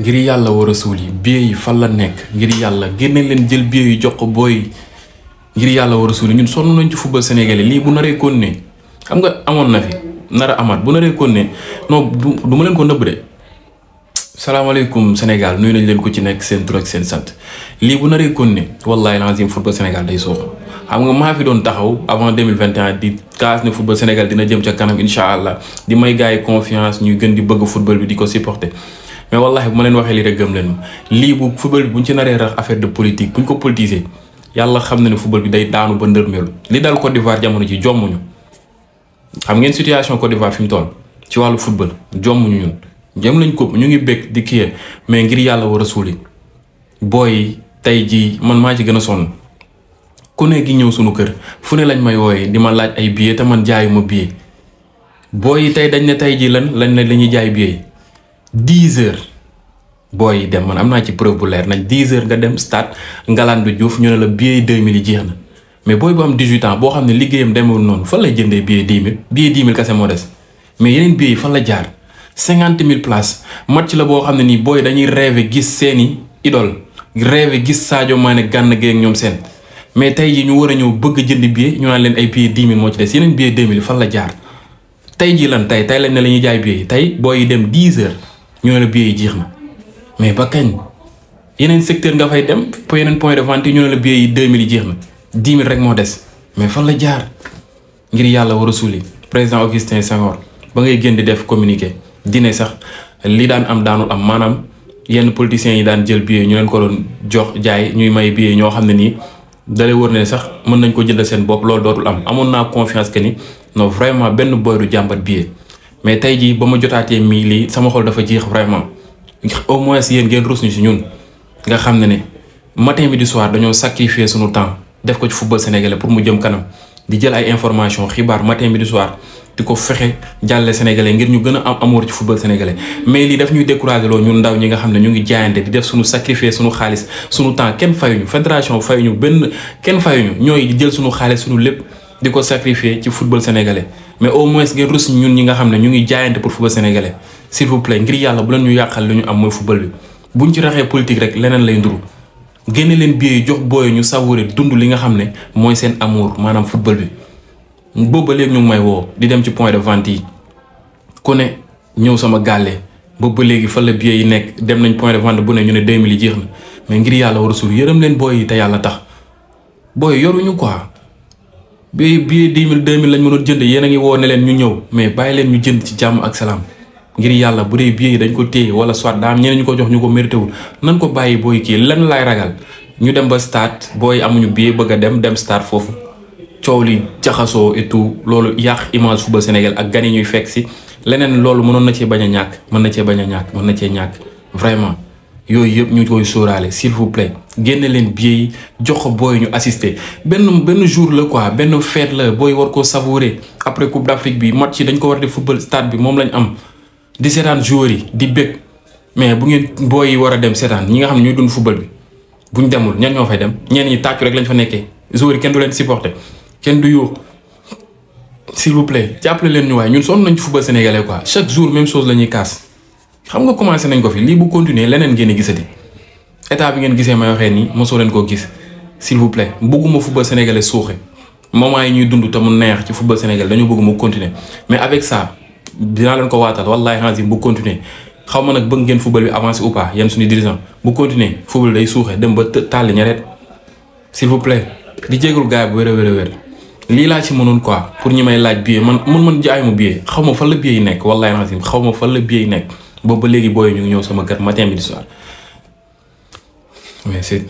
ngir yàlla war a suul yi billet yi fan la nekk ngir yàlla génne leen jël billet yu jox ko booy ngir yàlla war a suul yi ñun sonn nañ ci football sénégalais lii bu naree continuer xam nga amoon na fi nar a bu naree continuer non du ma leen ko nëbb salaamaaleykum Sénégal nuyu nañ leen ko ci nekk seen seen sant lii bu naree continuer wallaahi lazim football Sénégal day soox xam nga maa fi doon taxaw avant 2021 di kaas ne football Sénégal dina jëm ca kanam incha allah di may gars yi confiance ñu gën di bëgg football bi di ko supporter. mais wallahi bu ma leen waxee lii rek gëm leen ma lii bu football bi bu ñu ci naree rax affaire de politique bu ñu ko politiser yàlla xam na ne football bi day daanu ba ndërmeelu li dal Côte d'Ivoire jamono ji jommuñu xam ngeen situation Côte d'Ivoire fi mu toll ci wàllu football jommuñu ñun jëm lañ ko ñu ngi bëgg di kii mais ngir yàlla war a suuli booy tey jii man maa ci gën a sonn ku ne gi ñëw sunu kër fu ne lañ may wooyee di ma laaj ay billet te man jaayuma billet booy tey dañ ne tey jii lan lañ ne lañuy jaay billet dix heures booy yi dem man am naa ci preuve bu leer nañ dix heures nga dem stade Ngalandou Diouf ñu ne la billet deux mille yi jeex na mais booy bu am dix huit ans boo xam ne liggéeyam demewul noonu fan la jëndee billet dix mille billet dix mille kese moo des mais yeneen fan la jaar cinquante mille places match la boo xam ne nii booy dañuy rêve gis seeni idole rêve gis Sadio Mané gànn ak ñoom seen mais tey jii ñu war a ñëw bëgg jënd billet ñu naan leen ay billet dix mil moo ci des yeneen billet deux mille fan la jaar tey jii lan tey tey lañ ne la ñuy jaay billet tey booy dem dix heures. ñoo la billet yi jeex na mais ba kañ yeneen secteur nga fay dem pour yeneen point de vente yi ñoo la billet yi 2000 yi jeex na 10 rek moo des mais fan la jaar ngir yàlla war a suuli président Augustin Senghor ba ngay génn di def communiqué dine sax li daan am daanul am maanaam yenn politiciens yi daan jël billet ñu leen ko doon jox jaay ñuy may billet ñoo xam ne nii dalay wër ne sax mën nañ ko jëndal seen bopp loolu dootul am amoon naa confiance que ni non vraiment benn boy du jàmbat mais tey jii ba ma jotaatee mii lii sama xol dafa jeex vraiment au moins yéen ngeen rus ñu si ñun nga xam ne ne matin midi soir dañoo sacrifier suñu temps def ko ci football sénégalais pour mu jëm kanam di jël ay information xibaar matin midi soir di ko fexe jàlle sénégalais ngir ñu gën a am amour ci football sénégalais mais lii daf ñuy découragé loo ñun ndaw ñi nga xam ne ñu ngi jaayante di def suñu sacrifier suñu xaalis suñu temps kenn fayuñu fédération fayuñu benn kenn fayuñu ñooy jël suñu xaalis suñu lépp di ko sacrifier ci football sénégalais mais au moins ngeen rus ñun ñi nga xam ne ñu ngi jaayante pour football sénégalais s'il vous plaît ngir yàlla bu leen ñu yàqal li ñu am mooy football bi buñ ci raxee politique rek leneen lay nduru génne leen billet jox booy ñu savouré dund li nga xam ne mooy seen amour maanaam football bi booba léegi ñu may woo di dem ci point de vente yi ku ne ñëw sama gàlle booba léegi fan la billet yi nekk dem nañ point de vente bu ne ñu ne 2000 yi jeex na mais ngir yàlla war a suul yërëm leen booy yi te yàlla tax booy yoruñu quoi bi bi dix mille deux lañ mënoon jënd yéen a ngi woo leen ñu ñëw mais bàyyi leen ñu jënd ci jàmm ak salaam ngir yàlla bu dee billet yi dañ ko téye wala soit daam ñeneen ñu ko jox ñu ko mérité wul nan ko bàyyi booy kii lan laay ragal ñu dem ba stade booy amuñu billet bëgg a dem dem stade foofu coow li jaxasoo et loolu yàq image football Sénégal ak gan yi ñuy fekk si leneen loolu mënoon na cee bañ a ñàkk mën na cee bañ a ñàkk mën na cee ñàkk vraiment. yooyu yëpp ñu koy sóoraale s'il vous plaît génne leen billets jox ko booy ñu assister benn benn jour la quoi benn fête la booy war koo savourer après coupe d'Afrique bi match yi dañ ko war di football stade bi moom lañu am di seetaan joueurs yi di bëgg mais bu ngeen booy yi war a dem seetaan ñi nga xam ne ñuy dund football bi bu ñu demul ñen ñoo fay dem ñenn ñi tàccu rek lañ fa nekkee joueurs yi kenn du leen supporter kenn du yoo s'il vous plaît jàppale leen ñu waaye ñun sonn nañ ci football sénégalais quoi chaque jour même la ñuy kaas. xam nga commencé nañ ko fi lii bu continuer leneen ngeen di gisati état bi ngeen gisee may waxee nii mosoo leen koo gis s'il vous plaît bëgguma football sénégalais suuxe moment yi ñuy dund te mu neex ci football sénégalais dañoo bëgg mu continuer mais avec ça dinaa leen ko waatal wallahi azim bu continuer xaw ma nag bëgg ngeen football bi avancer ou pas yéen suñu dirigeant bu continuer football day suuxe dem ba tàlli ñareet s'il vous plaît di jégalu gars bu wér a wér lii laa ci mënoon quoi pour ñi may laaj bii man man man jaay ma billet xaw ma fan la billet yi nekk wallahi azim xaw ma fan la billet nekk boobu ba léegi booy ñu ngi ñëw sama kër matin midi soir mais c'est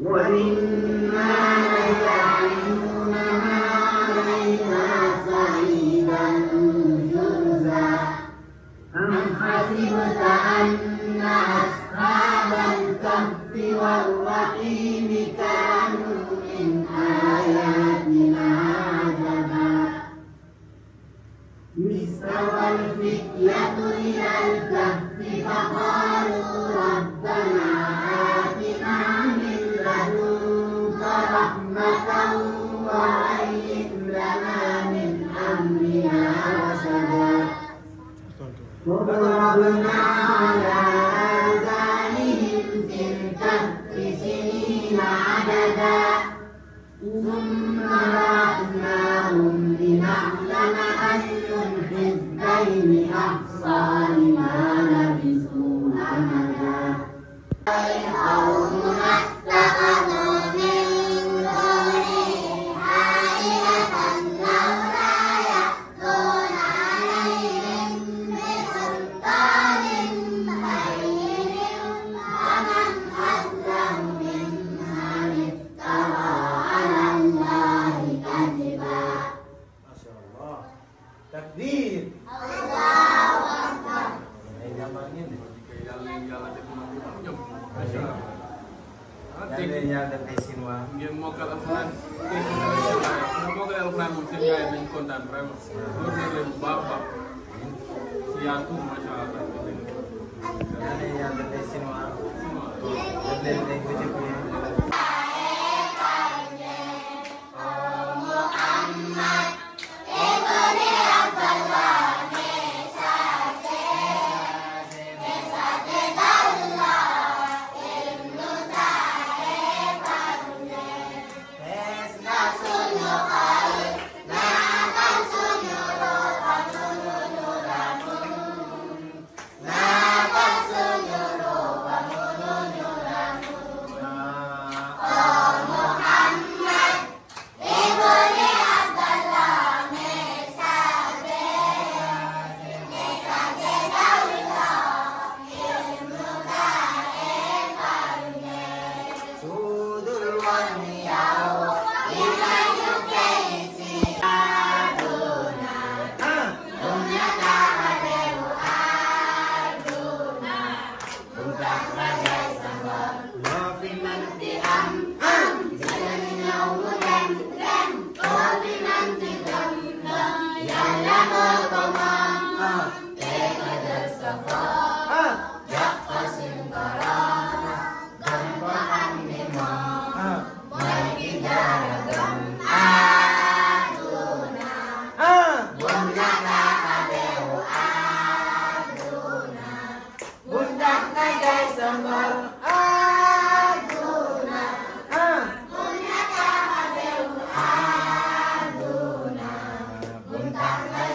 Morning. والفتية إلى الكهف فقالوا ربنا آتنا من لدنك رحمة وهيئ لنا من أمرنا رشدا Bye. moom seen yaay dañ kontaan vraiment loolu nag leen bu baax baax si yaa tuur macha allah. Santander.